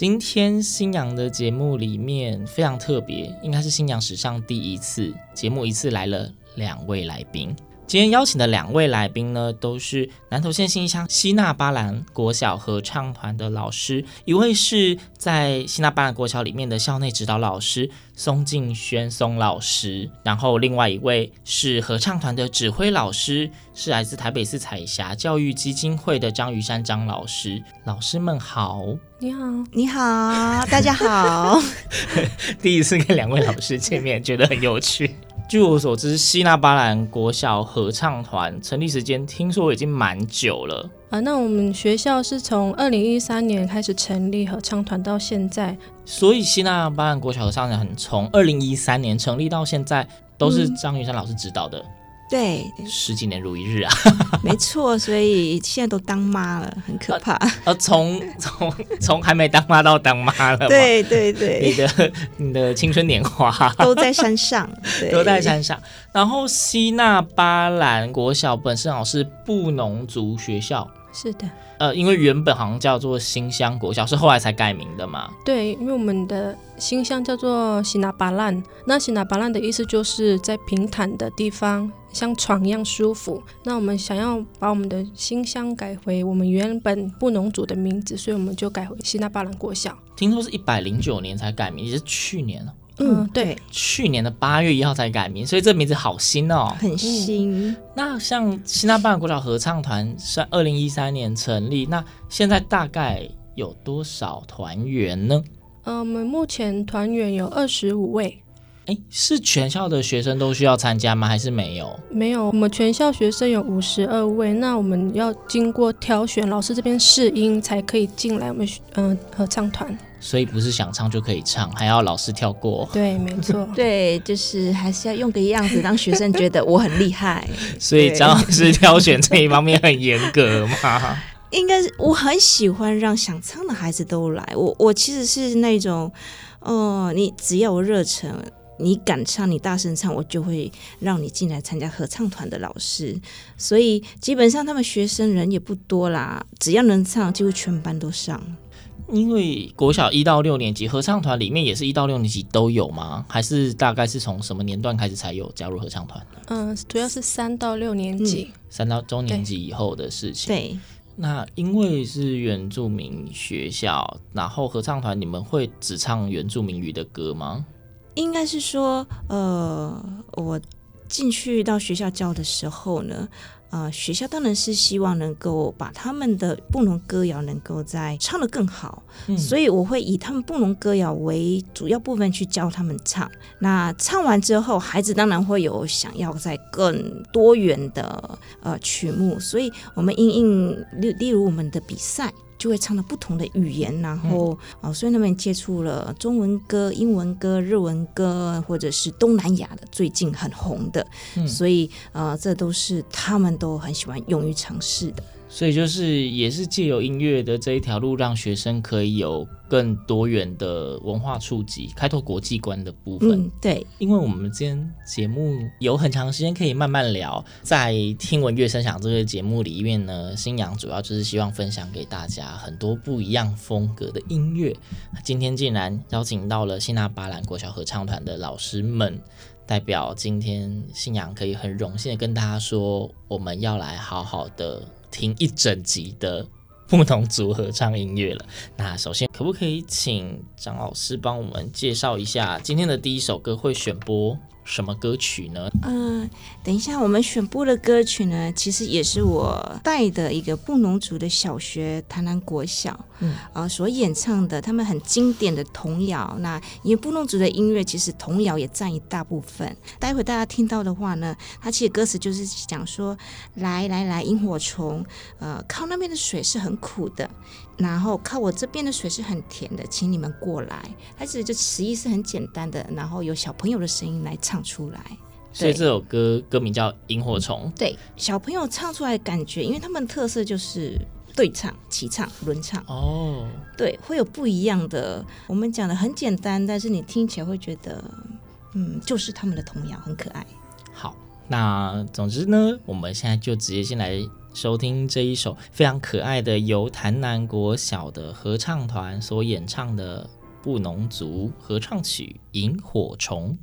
今天新娘的節目裡面非常特別，應該是新娘史上第一次，節目一次來了兩位來賓。今天邀請的兩位來賓呢，都是南投縣信義鄉希娜巴嵐國小合唱團的老師，一位是在希娜巴嵐國小裡面的校內指導老師松倞煖松老師，然後另外一位是合唱團的指揮老師，是來自台北市彩霞教育基金會的張渝姍張老師。老師們好，你好，你好，大家好。 第一次跟兩位老師見面，覺得很有趣。據我所知，希娜巴嵐國小合唱團成立時間，聽說已經蠻久了啊。那我們學校是從二零一三年開始成立合唱團到現在，所以希娜巴嵐國小合唱團從二零一三年成立到現在都是張渝姍老師指導的。嗯嗯對，十幾年如一日啊， 沒錯，所以現在都當媽了，很可怕。呃，呃從從從還沒當媽到當媽了 對，對對對，你的你的青春年華 都在山上，對。都在山上。然後希娜巴嵐國小本身好像是布農族學校，是的，呃，因為原本好像叫做新鄉國小，是後來才改名的嘛。對，因為我們的新鄉叫做希娜巴嵐，那希娜巴嵐的意思就是在平坦的地方。像床一樣舒服。那我們想要把我們的新鄉改回我們原本布農族的名字，所以我們就改回希娜巴嵐國小。聽說是一百零九年才改名，也是去年哦。嗯，對，去年的八月一號才改名，所以這名字好新哦，很新。嗯、那像希娜巴嵐國小合唱團是二零一三年成立，那現在大概有多少團員呢？嗯呃、我們目前團員有二十五位。哎，是全校的學生都需要參加嗎？還是沒有？沒有，我們全校學生有五十二位。那我們要經過挑選，老師這邊試音才可以進來。我們嗯、學、呃、合唱團，所以不是想唱就可以唱，還要老師挑過。對，沒錯， 對，就是還是要用個樣子，讓學生覺得我很厲害。 所以張老師挑選這一方面很嚴格嗎？ 應該是，我很喜歡讓想唱的孩子都來。我我其實是那種，哦、呃，你只要有熱忱，你敢唱，你大聲唱，我就會讓你進來參加合唱團的老師。所以基本上他們學生人也不多啦，只要能唱，幾乎全班都上。因為國小一到六年級，合唱團裡面也是一到六年級都有嗎？還是大概是從什麼年段開始才有加入合唱團？嗯，主要是三到六年級，三、嗯、到中年級以後的事情。對。那因為是原住民學校，然後合唱團你們會只唱原住民語的歌嗎？應該是說，呃，我進去到學校教的時候呢，啊、呃，學校當然是希望能夠把他們的布農歌謠能夠再唱得更好，嗯，所以我會以他們布農歌謠為主要部分去教他們唱。那唱完之後，孩子當然會有想要再更多元的呃曲目，所以我們應應例例如我們的比賽。就會唱到不同的語言，然後啊、嗯呃，所以他們接觸了中文歌、英文歌、日文歌，或者是東南亞的最近很紅的，嗯、所以啊、呃，這都是他們都很喜歡勇於嘗試的。所以就是也是借由音樂的這一條路，讓學生可以有更多元的文化觸及，開拓國際觀的部分。嗯、對，因為我們今天節目有很長時間可以慢慢聊，在聽聞樂聲響這個節目裡面呢，新陽主要就是希望分享給大家很多不一樣風格的音樂。今天竟然邀請到了希娜巴嵐國小合唱團的老師們，代表今天新陽可以很榮幸的跟大家說，我們要來好好的。聽一整集的布農族合唱音樂了。那首先，可不可以請張老師幫我們介紹一下今天的第一首歌會選播什麼歌曲呢？嗯、呃，等一下，我們選播的歌曲呢，其實也是我帶的一個布農族的小學潭南國小，嗯，啊、呃、所演唱的，他們很經典的童謠。那因為布農族的音樂，其實童謠也佔一大部分。待會大家聽到的話呢，它其實歌詞就是講說，來來來，螢火蟲，呃，靠那邊的水是很苦的，然後靠我這邊的水是很甜的，請你們過來。它其實這詞意是很簡單的，然後有小朋友的聲音來唱。出來，所以這首歌歌名叫《螢火蟲》。對，小朋友唱出來感覺，因為他們的特色就是對唱、齊唱、輪唱哦。Oh. 對，會有不一樣的。我們講的很簡單，但是你聽起來會覺得，嗯，就是他們的童謠很可愛。好，那總之呢，我們現在就直接先來收聽這一首非常可愛的由潭南國小的合唱團所演唱的布農族合唱曲《螢火蟲》。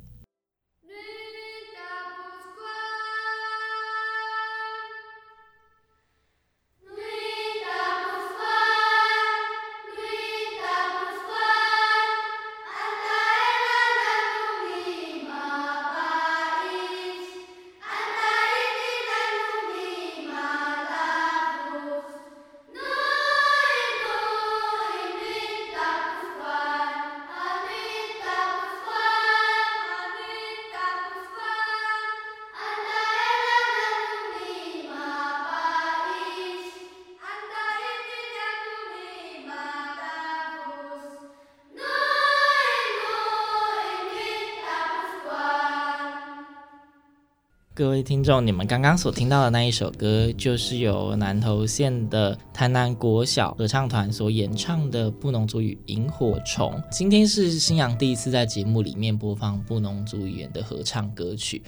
各位聽眾，你們剛剛所聽到的那一首歌，就是由南投縣的潭南國小合唱團所演唱的布農族語《螢火蟲》。今天是新陽第一次在節目裡面播放布農族語言的合唱歌曲，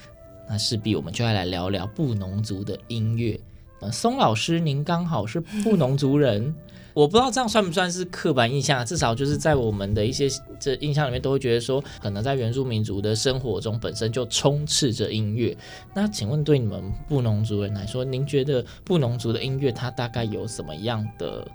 那勢必我們就要來，來聊聊布農族的音樂。松老師，您剛好是布農族人。嗯，我不知道這樣算不算是刻板印象，至少就是在我們的一些這印象裡面，都會覺得說，可能在原住民族的生活中，本身就充斥着音樂。那請問，對你們布農族人來說，您覺得布農族的音樂它大概有什麼樣的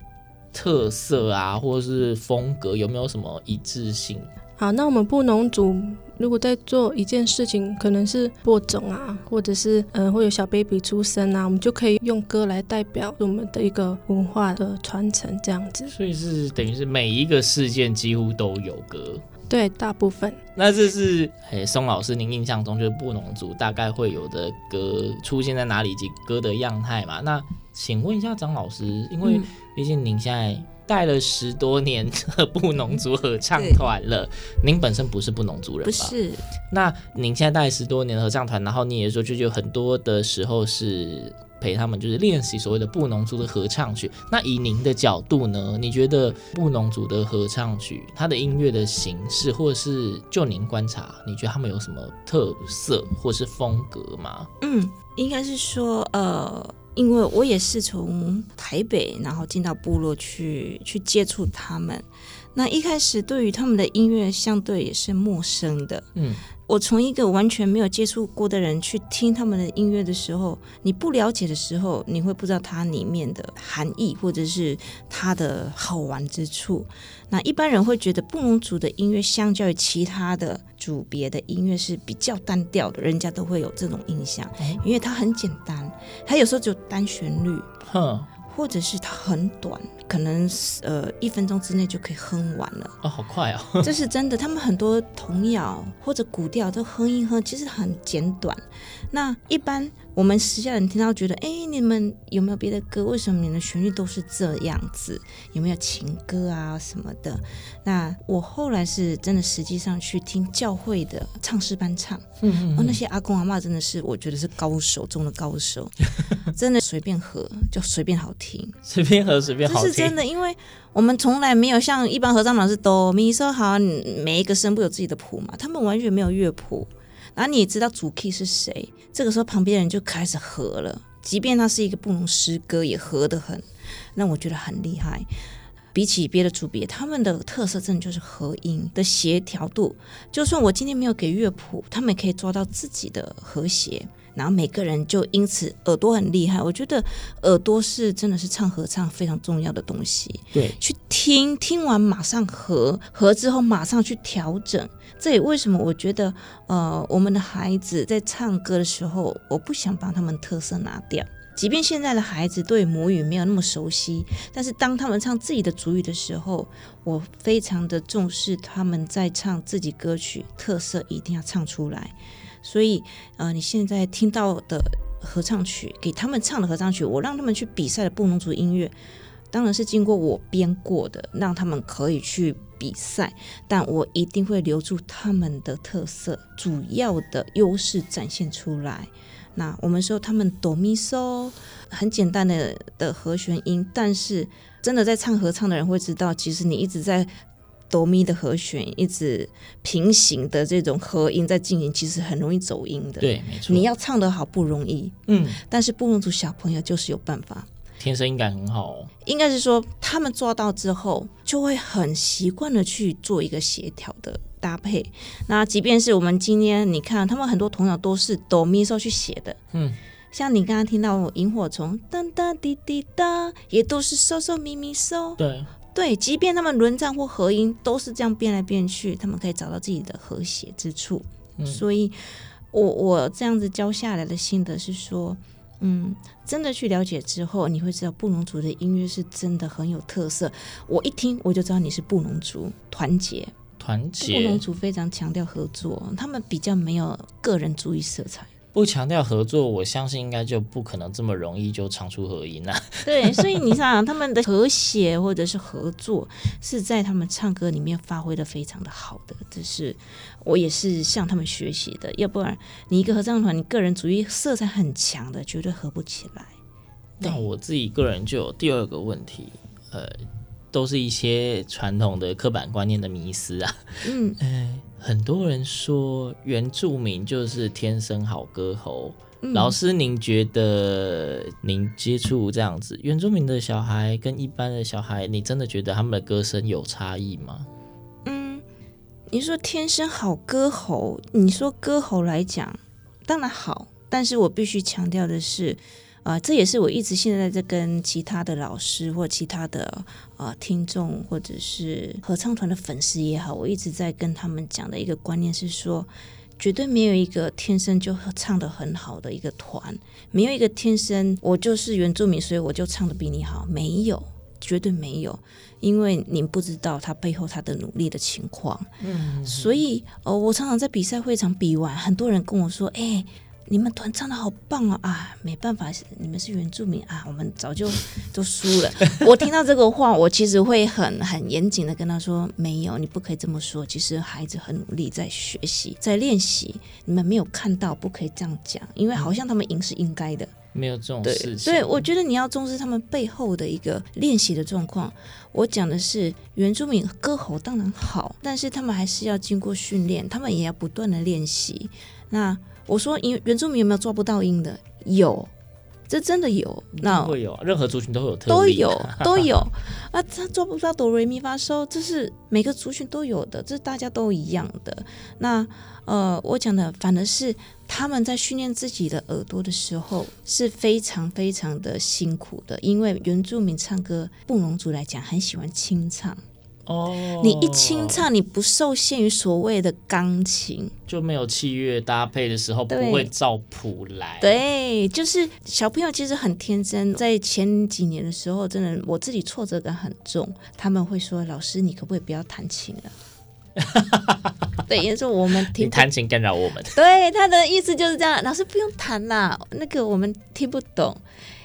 特色啊，或者是風格，有沒有什麼一致性？好，那我們布農族如果在做一件事情，可能是播種啊，或者是嗯、呃，會有小 baby 出生啊，我們就可以用歌來代表我們的一個文化的傳承，這樣子。所以是等於是每一個事件幾乎都有歌。對，大部分。那這是哎，松、欸、老師，您印象中就是布農族大概會有的歌出現在哪裡以及歌的樣態嘛？那請問一下張老師，因為畢竟您現在、嗯。帶了十多年的布農族合唱團了，您本身不是布農族人吧？不是。那您現在帶十多年的合唱團，然後你也說，就有很多的時候是陪他們就是練習所謂的布農族的合唱曲。那以您的角度呢？你覺得布農族的合唱曲它的音樂的形式，或者是就您觀察，你覺得他們有什麼特色或是風格嗎？嗯，應該是說呃。因為我也是從台北，然後進到部落去去接觸他們，那一開始對於他們的音樂相對也是陌生的，嗯。我從一個完全沒有接觸過的人去聽他們的音樂的時候，你不了解的時候，你會不知道它裡面的含義或者是它的好玩之處。那一般人會覺得布農族的音樂相較於其他的組別的音樂是比較單調的，人家都會有這種印象，因為它很簡單，它有時候就單旋律，或者是它很短。可能呃一分鐘之內就可以哼完了啊、哦，好快啊、哦！ 這是真的，他們很多童謠或者古調都哼一哼，其實很簡短。那一般我們時下人聽到覺得，哎，你們有沒有別的歌？為什麼你們的旋律都是這樣子？有沒有情歌啊什麼的？那我後來是真的，實際上去聽教會的唱詩班唱，嗯，嗯，嗯，哦，那些阿公阿嬤真的是，我覺得是高手中的高手， 真的隨便和就隨便好聽，隨便和隨便好聽。真的 因為我們從來沒有像一般合唱老師都，你說好每一個聲部有自己的譜嘛，他們完全沒有樂譜，然後你也知道主 key 是誰，這個時候旁邊人就開始合了，即便他是一個布農詩歌也合得很，那我覺得很厲害。比起別的組別，他們的特色真的就是合音的協調度，就算我今天沒有給樂譜，他們也可以抓到自己的和諧。然後每個人就因此耳朵很厲害，我覺得耳朵是真的是唱合唱非常重要的東西。對，去聽聽完馬上合，合之後馬上去調整。這也為什麼我覺得，呃，我們的孩子在唱歌的時候，我不想把他們特色拿掉。即便現在的孩子對母語沒有那麼熟悉，但是當他們唱自己的族語的時候，我非常的重視他們在唱自己歌曲，特色一定要唱出來。所以，呃，你現在聽到的合唱曲，給他們唱的合唱曲，我讓他們去比賽的布農族音樂，當然是經過我編過的，讓他們可以去比賽，但我一定會留住他們的特色，主要的優勢展現出來。那我們說他們哆米索，很簡單的的和弦音，但是真的在唱合唱的人會知道，其實你一直在。哆咪的和弦一直平行的這種和音在進行，其實很容易走音的。對，沒錯。你要唱得好不容易，嗯。但是布農族小朋友就是有辦法，天生音感很好哦。應該是說，他們做到之後，就會很習慣的去做一個協調的搭配。那即便是我們今天，你看他們很多童謠都是哆咪嗦去寫的，嗯。像你剛剛聽到的螢火蟲當當噠噠滴滴噠，也都是嗦嗦咪咪嗦，對。對，即便他們輪戰或合音，都是這樣變來變去，他們可以找到自己的和諧之處。嗯、所以我，我我這樣子教下來的心得是說，嗯，真的去了解之後，你會知道布農族的音樂是真的很有特色。我一聽我就知道你是布農族，團結團結，布農族非常強調合作，他們比較沒有個人主義色彩。不強調合作，我相信應該就不可能這麼容易就唱出合音了，啊。對，所以你想想，他們的和諧或者是合作，是在他們唱歌裡面發揮得非常的好的。只是我也是向他們學習的，要不然你一個合唱團，你個人主義色彩很強的，絕對合不起來。但我自己個人就有第二個問題，呃，都是一些傳統的刻板觀念的迷思啊。嗯。哎。很多人說原住民就是天生好歌喉，嗯，老師您覺得您接觸這樣子原住民的小孩跟一般的小孩，你真的覺得他們的歌聲有差異嗎？嗯，你說天生好歌喉，你說歌喉來講當然好，但是我必須強調的是。啊、呃，這也是我一直現在在跟其他的老師，或其他的啊、呃、聽眾，或者是合唱團的粉絲也好，我一直在跟他們講的一個觀念是說，絕對沒有一個天生就唱得很好的一個團，沒有一個天生我就是原住民，所以我就唱得比你好，沒有，絕對沒有，因為你不知道他背後他的努力的情況。嗯，所以哦、呃，我常常在比賽會場比完，很多人跟我說，哎。你們團唱得好棒啊、哦！啊，沒辦法，你們是原住民啊，我們早就都輸了。 我聽到這個話，我其實會很很嚴謹的跟他說：沒有，你不可以這麼說。其實孩子很努力在學習，在練習，你們沒有看到，不可以這樣講，因為好像他們贏是應該的，沒有這種事情。對，對，我覺得你要重視他們背後的一個練習的狀況。我講的是原住民歌喉當然好，但是他們還是要經過訓練，他們也要不斷的練習。那。我說，因原住民，有沒有抓不到音的？有，這真的有。那會有、啊、那任何族群都會有、啊、有，都有都有。 啊，他抓不到哆瑞咪發嗦，這是每個族群都有的，這是大家都一樣的。那呃，我講的反而是他們在訓練自己的耳朵的時候是非常非常的辛苦的，因為原住民唱歌，布農族來講很喜歡清唱。哦、oh，你一清唱，你不受限於所謂的鋼琴，就沒有器樂搭配的時候，不會照譜來。對，就是小朋友其實很天真，在前幾年的時候，真的我自己挫折感很重。他們會說：“老師，你可不可以不要彈琴了、啊？” 對，因為說我們聽彈琴干擾我們。對，他的意思就是這樣。老師不用彈啦，那個我們聽不懂，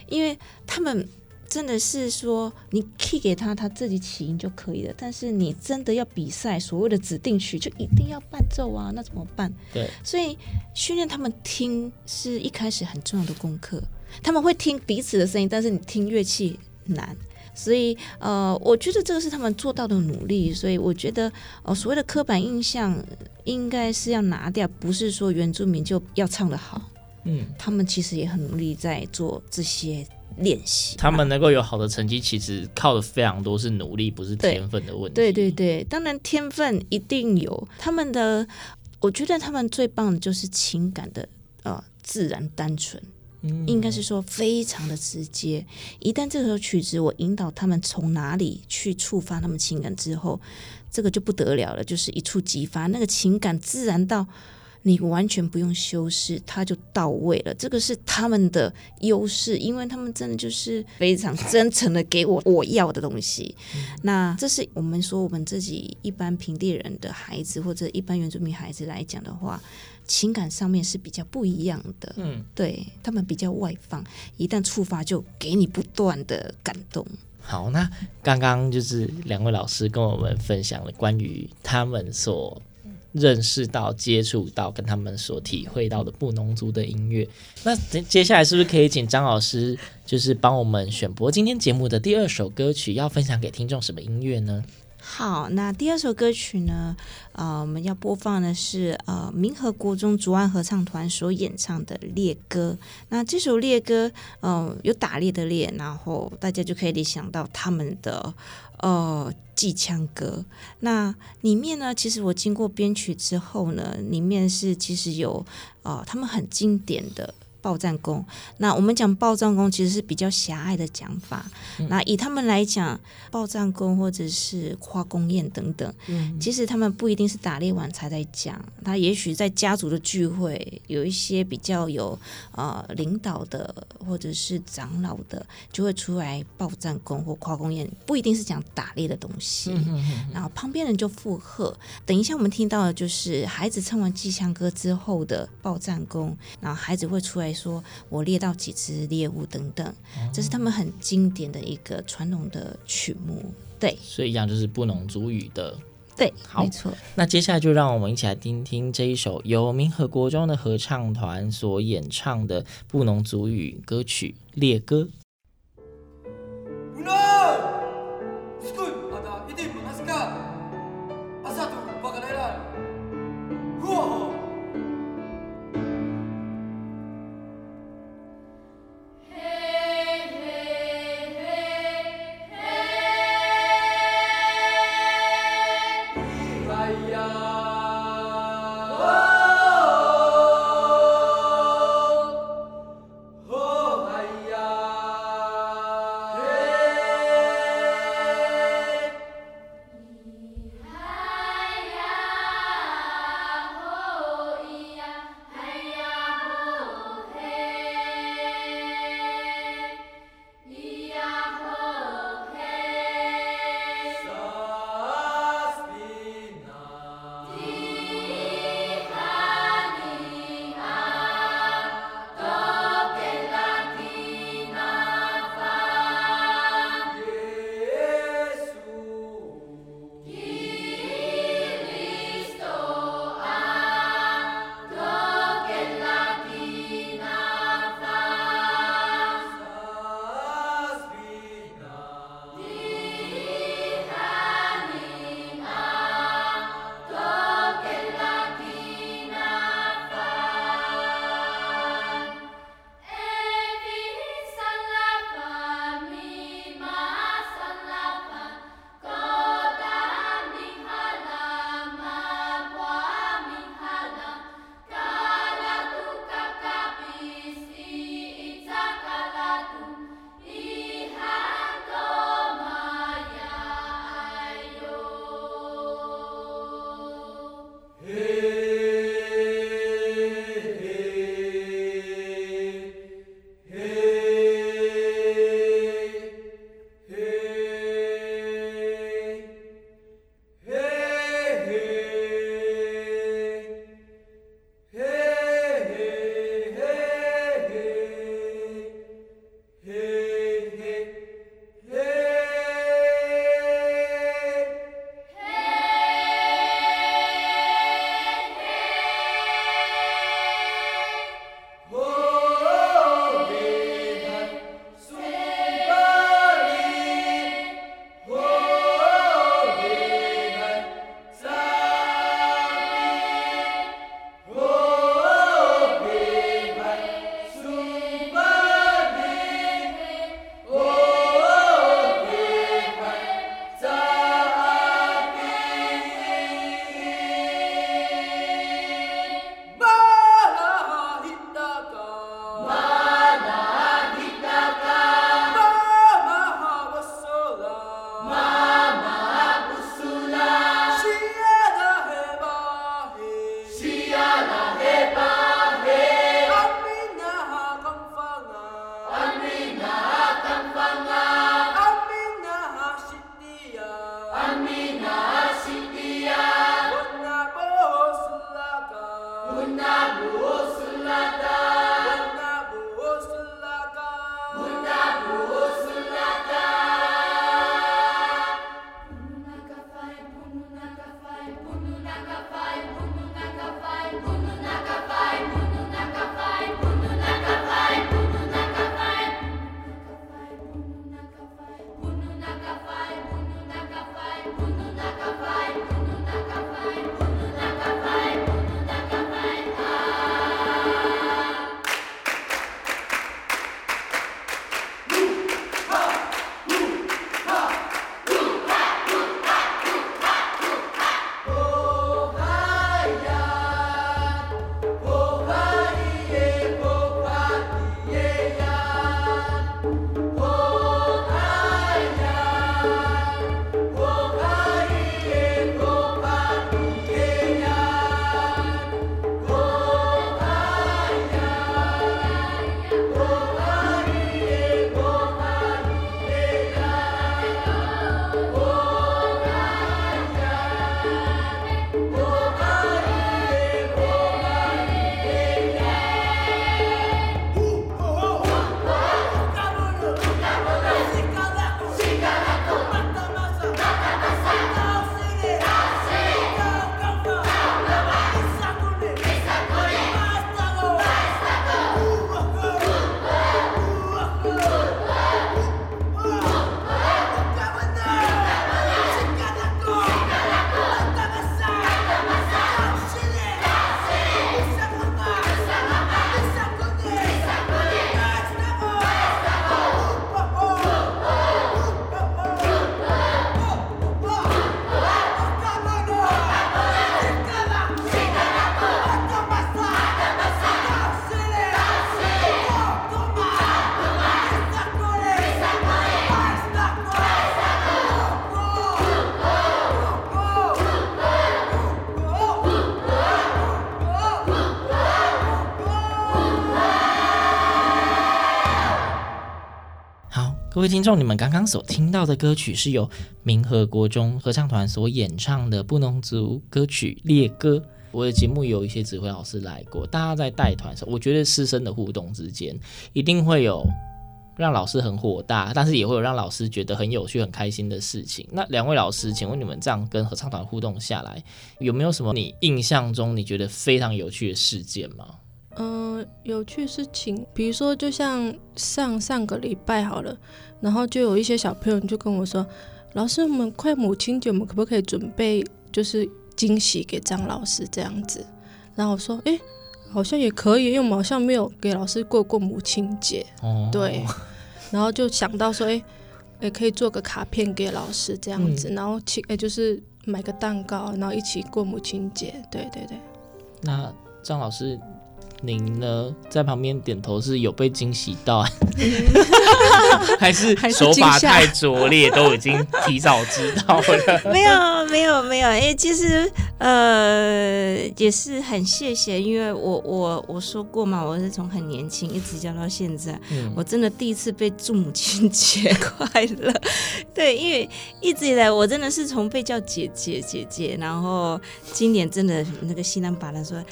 因為他們。真的是說你 key 給他，他自己起音就可以了。但是你真的要比賽，所謂的指定曲就一定要伴奏啊，那怎麼辦？對，所以訓練他們聽是一開始很重要的功課。他們會聽彼此的聲音，但是你聽樂器難。所以呃，我覺得這個是他們做到的努力。所以我覺得哦、呃，所謂的刻板印象應該是要拿掉，不是說原住民就要唱得好。嗯，他們其實也很努力在做這些。練習、啊，他們能夠有好的成績，其實靠的非常多，是努力，不是天分的問題。對，對對對，當然天分一定有。他們的，我覺得他們最棒的就是情感的呃自然單純，應該是說非常的直接。嗯、一旦這首曲子我引導他們從哪裡去觸發他們情感之後，這個就不得了了，就是一觸即發，那個情感自然到。你完全不用修飾，它就到位了。這個是他們的優勢，因為他們真的就是非常真誠的給我我要的東西。嗯。那這是我們說我們自己一般平地人的孩子或者一般原住民孩子來講的話，情感上面是比較不一樣的。嗯，對他們比較外放，一旦觸發就給你不斷的感動。好，那剛剛就是兩位老師跟我們分享了關於他們所。認識到、接觸到、跟他們所體會到的布農族的音樂，那接下來是不是可以請張老師，就是幫我們選播今天節目的第二首歌曲，要分享給聽眾什麼音樂呢？好，那第二首歌曲呢？呃，我們要播放的是呃，民和國中濁岸合唱團所演唱的《獵歌》。那這首《獵歌》呃，嗯，有打獵的獵，然後大家就可以聯想到他們的呃，祭槍歌。那裡面呢，其實我經過編曲之後呢，裡面是其實有啊、呃，他們很經典的。報戰功，那我們講報戰功其實是比較狹隘的講法，嗯。那以他們來講，報戰功或者是誇功宴等等，嗯，其實他們不一定是打獵完才在講，那也許在家族的聚會，有一些比較有呃領導的或者是長老的，就會出來報戰功或誇功宴，不一定是講打獵的東西。嗯、然後旁邊人就附和。等一下我們聽到的就是孩子唱完吉祥歌之後的報戰功，然後孩子會出來，來說，我獵到幾隻獵物等等、嗯，這是他們很經典的一個傳統的曲目。對，所以一樣就是布農族語的。對，好，沒錯。那接下來就讓我們一起來聽聽這一首由民和國中的合唱團所演唱的布農族語歌曲《獵歌》。各位聽眾，你們剛剛所聽到的歌曲是由民和國中合唱團所演唱的布農族歌曲《獵歌》。我的節目有一些指揮老師來過，大家在帶團的時候，我覺得師生的互動之間一定會有讓老師很火大，但是也會有讓老師覺得很有趣、很開心的事情。那兩位老師，請問你們這樣跟合唱團互動下來，有沒有什麼你印象中你覺得非常有趣的事件嗎？嗯、呃，有趣事情，比如說就像上上個禮拜好了，然後就有一些小朋友就跟我說，老師，我們快母親節，我們可不可以準備就是驚喜給張老師這樣子？然後我說，哎，好像也可以，因為我們好像沒有給老師過過母親節，哦、對。然後就想到說，哎，也可以做個卡片給老師這樣子，嗯、然後請哎就是買個蛋糕，然後一起過母親節，對對對。那張老師，.您呢，在旁邊點頭是有被驚喜到，啊， 還是手法太拙劣，都已經提早知道了？ 是精 沒有，沒有，沒有。哎、欸，其、就、實、是、呃，也是很謝謝，因為我我我說過嘛，我是從很年輕一直教到現在，嗯，我真的第一次被祝母親節快樂。對，因為一直以來我真的是從被叫姐姐，姐姐姐姐，然後今年真的那個希娜巴嵐說。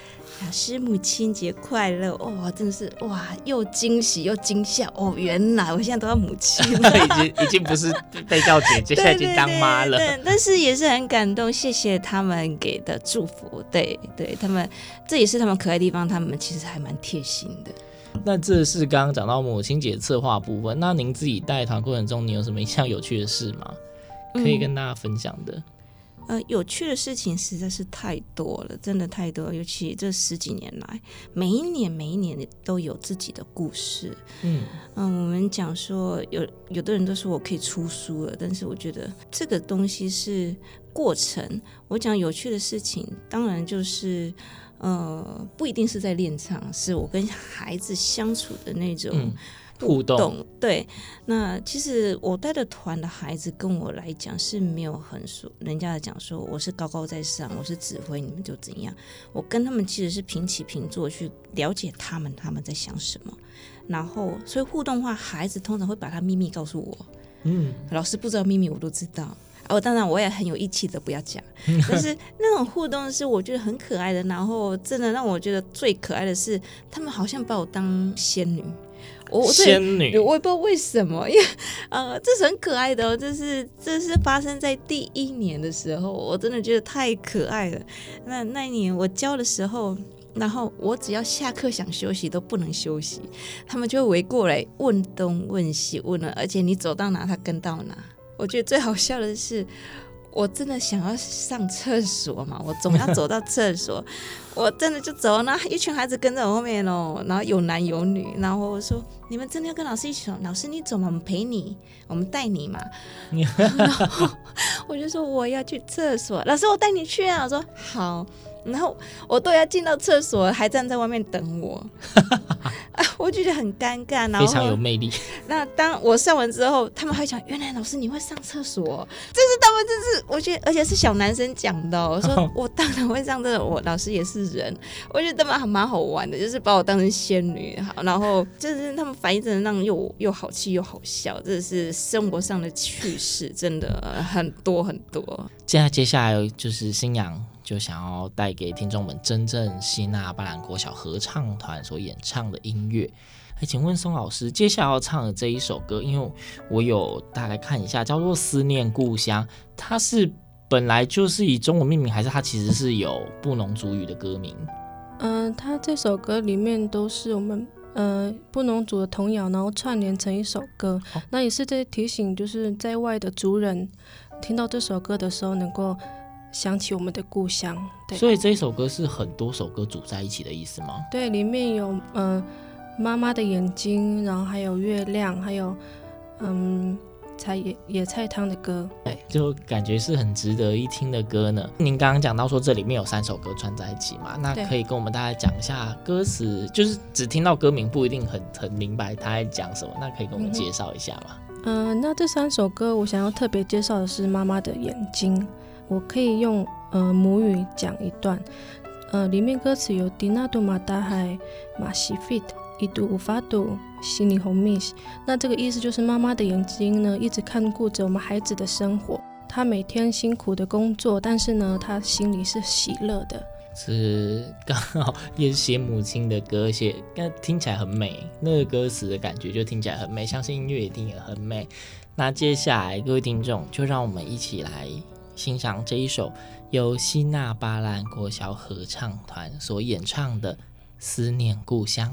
老、啊、師母，母親節快樂！哇，真的是哇，又驚喜又驚嚇哦！原來我現在都要母親了， 已經已經不是被叫姐姐，現在已經當媽了。對，對，對，但是也是很感動，謝謝他們給的祝福。對，對他們，這也是他們可愛的地方，他們其實還蠻貼心的。那這是剛剛講到母親節策劃部分，那您自己帶團過程中，你有什麼一項有趣的事嗎？可以跟大家分享的。嗯呃，有趣的事情實在是太多了，真的太多了。尤其這十幾年來，每一年每一年都有自己的故事。嗯。呃，我們講說有有的人都說我可以出書了，但是我覺得這個東西是過程。我講有趣的事情，當然就是呃，不一定是在練唱，是我跟孩子相處的那種。嗯互動對，那其實我帶的團的孩子跟我來講是沒有很熟，人家的講說我是高高在上，我是指揮你們就怎樣。我跟他們其實是平起平坐去了解他們，他們在想什麼，然後所以互動的話，孩子通常會把他秘密告訴我，嗯，老師不知道秘密我都知道。哦，當然我也很有義氣的，不要講， 但是那種互動是我覺得很可愛的。然後真的讓我覺得最可愛的是，他們好像把我當仙女。我、哦、仙女我也不知道為什麼，因為呃，這是很可愛的、哦，這是這是發生在第一年的時候，我真的覺得太可愛了。那那一年我教的時候，然後我只要下課想休息都不能休息，他們就會圍過來問東問西問了，而且你走到哪他跟到哪。我覺得最好笑的是。我真的想要上廁所嘛？我總要走到廁所， 我真的就走。那一群孩子跟着我後面哦，然後有男有女。然後我說：“你們真的要跟老師一起走？老師，你走嘛，我們陪你，我們帶你嘛。 ”然後我就說：“我要去廁所，老師，我帶你去啊。”我說：“好。”然後我都要進到廁所，還站在外面等我， 啊、我就覺得很尷尬然後。非常有魅力。那當我上完之後，他們還講：“原來老師你會上廁所。這是當”這是他們，就是我覺得，而且是小男生講的、哦。我 說：“我當然會上的、這個。”我老師也是人，我覺得他們還蠻好玩的，就是把我當成仙女。然後就是他們反應真的讓人又又好氣又好笑。這是生活上的趣事，真的很多很多。接下，接下來就是新娘。就想要帶給聽眾們真正希娜巴嵐國小合唱團所演唱的音樂。哎，請問松老師，接下來要唱的這一首歌，因為我有大概看一下，叫做《思念故鄉》，它是本來就是以中文命名，還是它其實是有布農族語的歌名？嗯、呃，它這首歌裡面都是我們呃布農族的童謠，然後串聯成一首歌，哦。那也是在提醒，就是在外的族人聽到這首歌的時候，能夠。想起我們的故鄉，對，所以這首歌是很多首歌組在一起的意思嗎？對，裡面有嗯，媽媽的眼睛，然後還有月亮，還有嗯，採野野菜湯的歌，哎，就感覺是很值得一聽的歌呢。您剛剛講到說這裡面有三首歌串在一起嘛，那可以跟我們大家講一下歌詞，就是只聽到歌名不一定很很明白他在講什麼，那可以跟我們介紹一下嗎？嗯、呃，那這三首歌我想要特別介紹的是媽媽的眼睛。我可以用呃母語講一段，呃，裡面歌詞有 “Dinadu Madai Masifit 一度無法度心裡紅蜜”，那這個意思就是媽媽的眼睛呢，一直看顧着我們孩子的生活。她每天辛苦的工作，但是呢，她心裡是喜樂的。是剛好也是寫母親的歌，寫那聽起來很美，那個歌詞的感覺就聽起來很美，相信音樂一定也很美。那接下來各位聽眾，就讓我們一起來。欣賞這一首由希娜巴嵐國小合唱團所演唱的《思念故鄉》。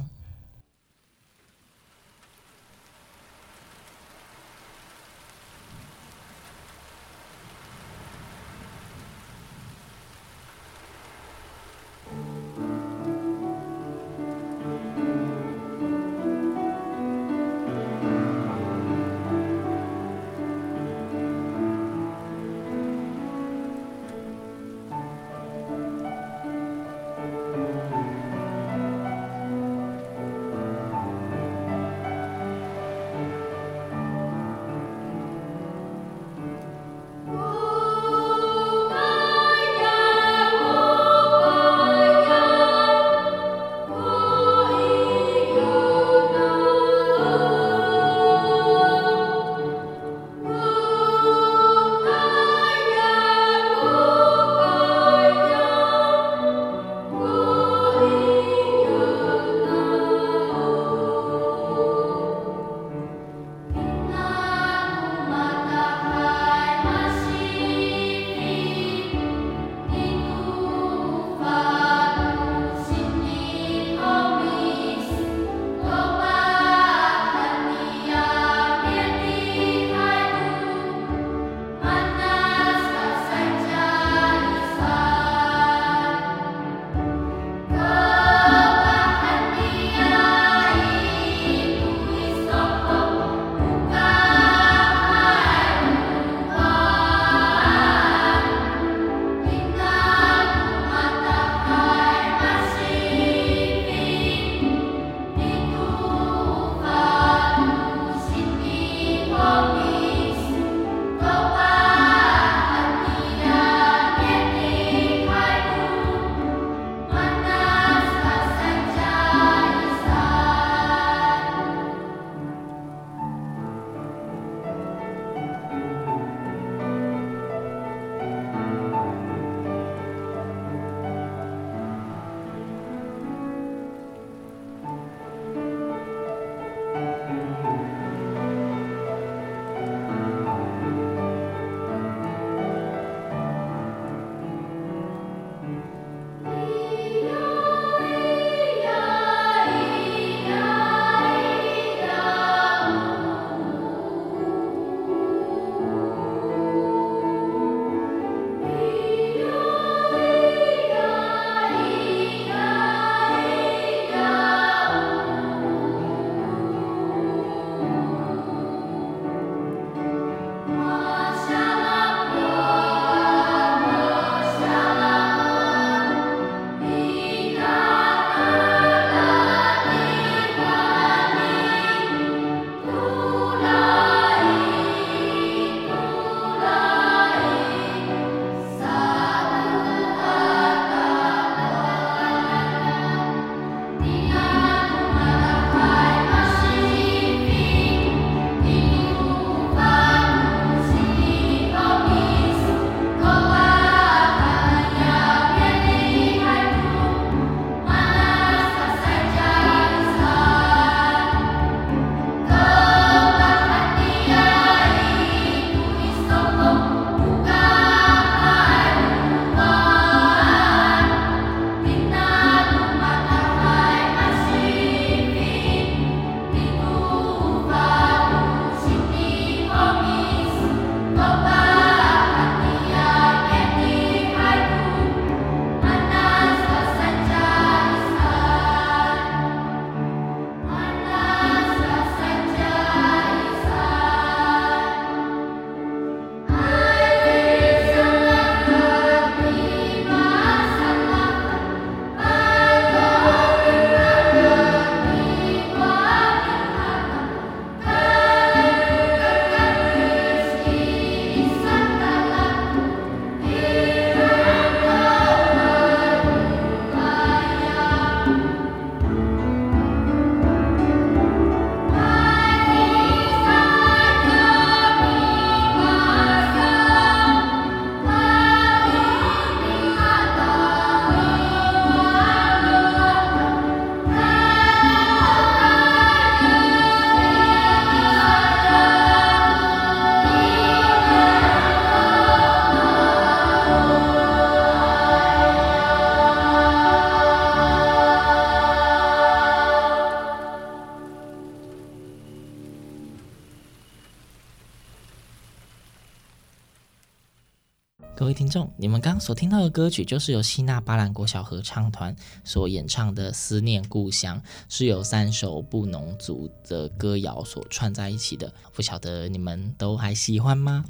所聽到的歌曲就是由希娜巴嵐國小合唱團所演唱的《思念故鄉》，是由三首布農族的歌謠所串在一起的。不曉得你們都還喜歡嗎？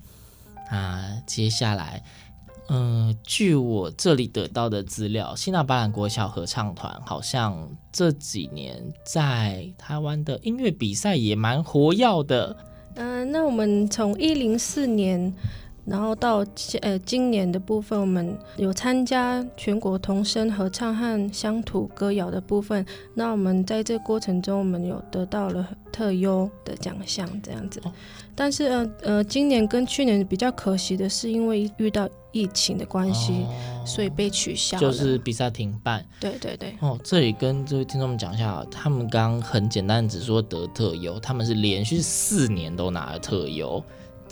啊，接下來，呃，據我這裡得到的資料，希娜巴嵐國小合唱團好像這幾年在台灣的音樂比賽也蠻活躍的。嗯、呃，那我們從一零四年。然後到呃今年的部分，我們有參加全國童聲合唱和鄉土歌謠的部分。那我們在這個過程中，我們有得到了特優的獎項這樣子。哦、但是呃呃，今年跟去年比較可惜的是，因為遇到疫情的關係，哦、所以被取消，就是比賽停辦。對對對。哦，這裡跟這位聽眾們講一下，他們剛剛很簡單只說得特優，他們是連續四年都拿了特優。嗯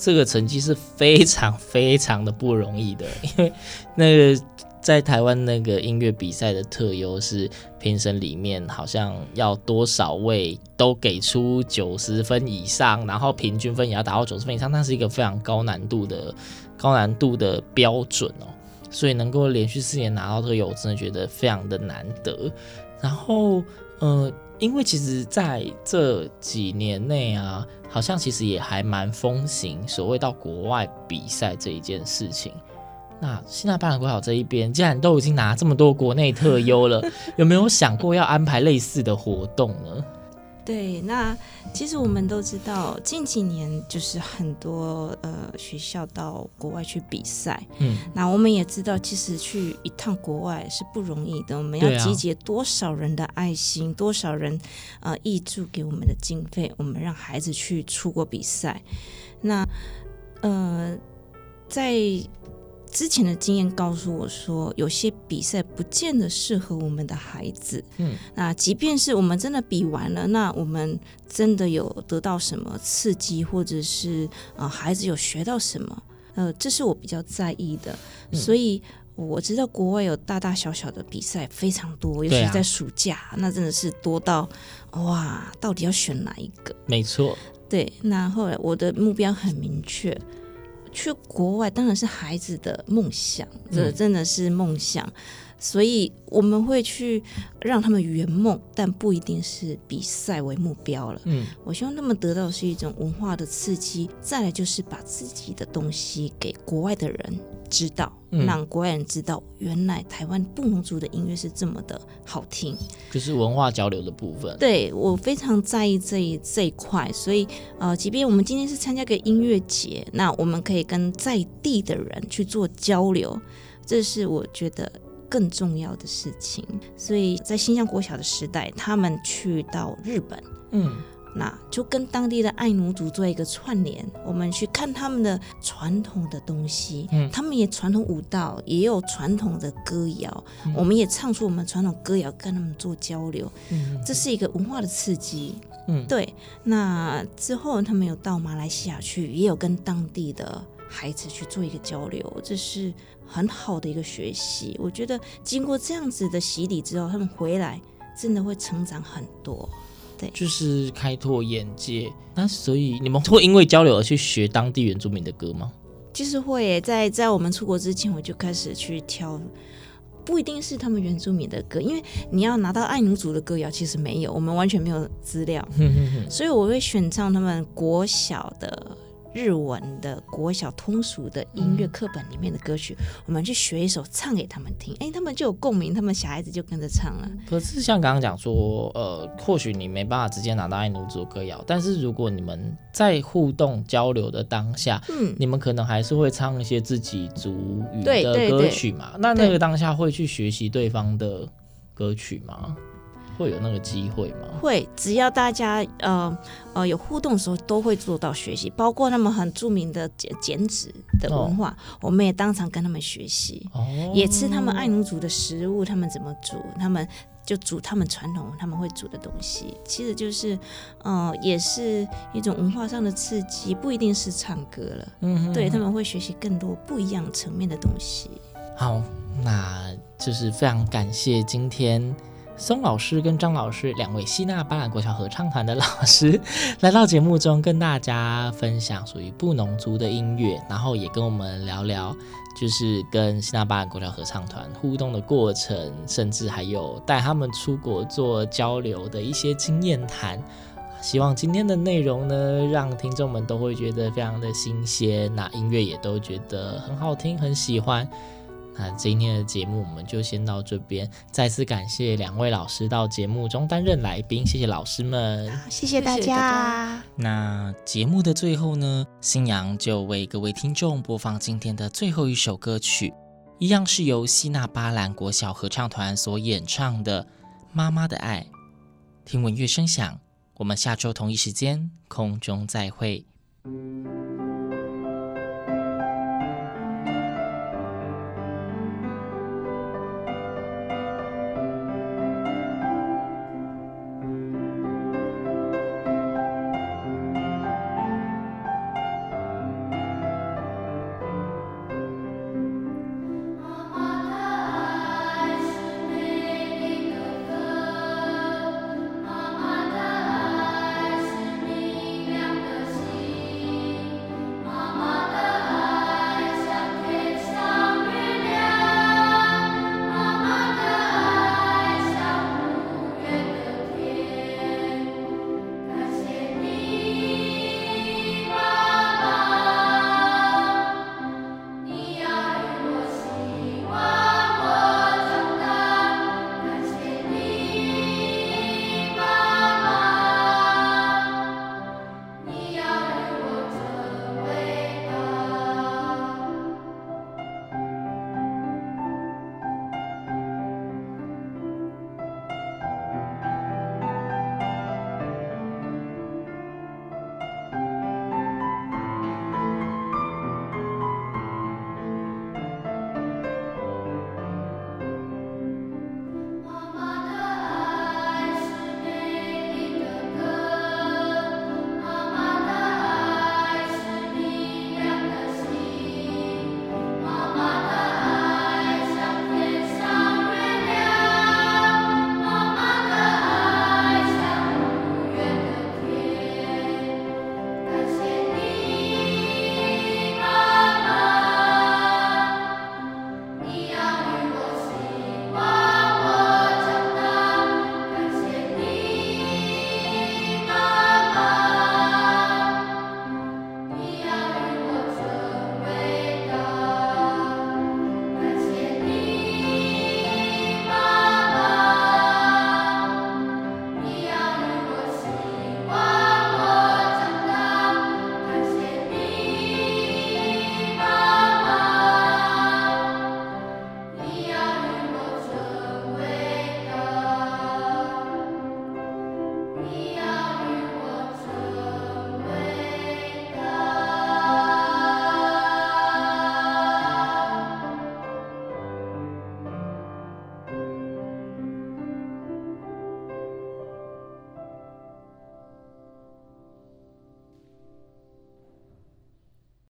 這個成績是非常非常的不容易的，因為那個在台灣那個音樂比賽的特優是評審裡面好像要多少位都給出九十分以上，然後平均分也要達到九十分以上，那是一個非常高難度的高難度的標準哦。所以能夠連續四年拿到這個，我真的覺得非常的難得。然後，呃。因為其實，在這幾年內啊，好像其實也還蠻風行所謂到國外比賽這一件事情。那希娜巴嵐國小這一邊，既然都已經拿這麼多國內特優了， 有沒有想過要安排類似的活動呢？對，那其實我們都知道，近幾年就是很多呃學校到國外去比賽，嗯，那我們也知道，其實去一趟國外是不容易的，我們要集結多少人的愛心，啊、多少人呃義助給我們的經費，我們讓孩子去出國比賽，那呃在。之前的經驗告訴我說，有些比賽不見得適合我們的孩子。嗯，那即便是我們真的比完了，那我們真的有得到什麼刺激，或者是呃，孩子有學到什麼？呃，這是我比較在意的。嗯，所以我知道國外有大大小小的比賽非常多，尤其是在暑假，對啊，那真的是多到哇，到底要選哪一個？沒錯。對，那後來我的目標很明確。去國外當然是孩子的夢想，這真的是夢想。所以我們會去讓他們圓夢，但不一定是比賽為目標了。嗯，我希望他們得到的是一種文化的刺激，再來就是把自己的東西給國外的人知道，嗯、讓國外人知道，原來台灣不同族的音樂是這麼的好聽，就是文化交流的部分。對，我非常在意這一這一塊，所以呃，即便我們今天是參加個音樂節，那我們可以跟在地的人去做交流，這是我覺得更重要的事情，所以在新疆國小的時代，他們去到日本，嗯，那就跟當地的愛奴族做一個串聯，我們去看他們的傳統的東西，嗯，他們也傳統舞蹈，也有傳統的歌謠，嗯、我們也唱出我們傳統歌謠，跟他們做交流，嗯，嗯，這是一個文化的刺激，嗯，對。那之後他們有到馬來西亞去，也有跟當地的孩子去做一個交流，這是。很好的一個學習，我覺得經過這樣子的洗禮之後，他們回來真的會成長很多。對，就是開拓眼界。那所以你們會因為交流而去學當地原住民的歌嗎？其實會，在在我們出國之前，我就開始去挑，不一定是他們原住民的歌，因為你要拿到愛民族的歌謠，其實沒有，我們完全沒有資料。嗯嗯嗯。所以我會選唱他們國小的日文的國小通俗的音樂課本裡面的歌曲，嗯、我們去學一首，唱給他們聽，哎、欸，他們就有共鳴，他們小孩子就跟着唱了。可是像剛剛講說，呃，或許你沒辦法直接拿到愛奴族歌謠，但是如果你們在互動交流的當下，嗯，你們可能還是會唱一些自己族語的歌曲嘛。那那個當下會去學習對方的歌曲嗎？會有那個機會嗎？會，只要大家呃呃有互動的時候，都會做到學習。包括他們很著名的剪剪紙的文化、哦，我們也當場跟他們學習，哦，也吃他們愛農煮的食物，他們怎麼煮，他們就煮他們傳統他們會煮的東西。其實就是呃，也是一種文化上的刺激，不一定是唱歌了。嗯哼哼，對，他們會學習更多不一樣層面的東西。好，那就是非常感謝今天。松老師跟張老師兩位希娜巴嵐國小合唱團的老師來到節目中，跟大家分享屬於布農族的音樂，然後也跟我們聊聊，就是跟希娜巴嵐國小合唱團互動的過程，甚至還有帶他們出國做交流的一些經驗談。希望今天的內容呢，讓聽眾們都會覺得非常的新鮮，那音樂也都覺得很好聽，很喜歡。那今天的節目我們就先到這邊，再次感謝兩位老師到節目中擔任來賓，謝謝老師們，謝謝大家。那節目的最後呢，新娘就為各位聽眾播放今天的最後一首歌曲，一樣是由希娜巴嵐國小合唱團所演唱的《媽媽的愛》。聽聞樂聲響，我們下周同一時間空中再會。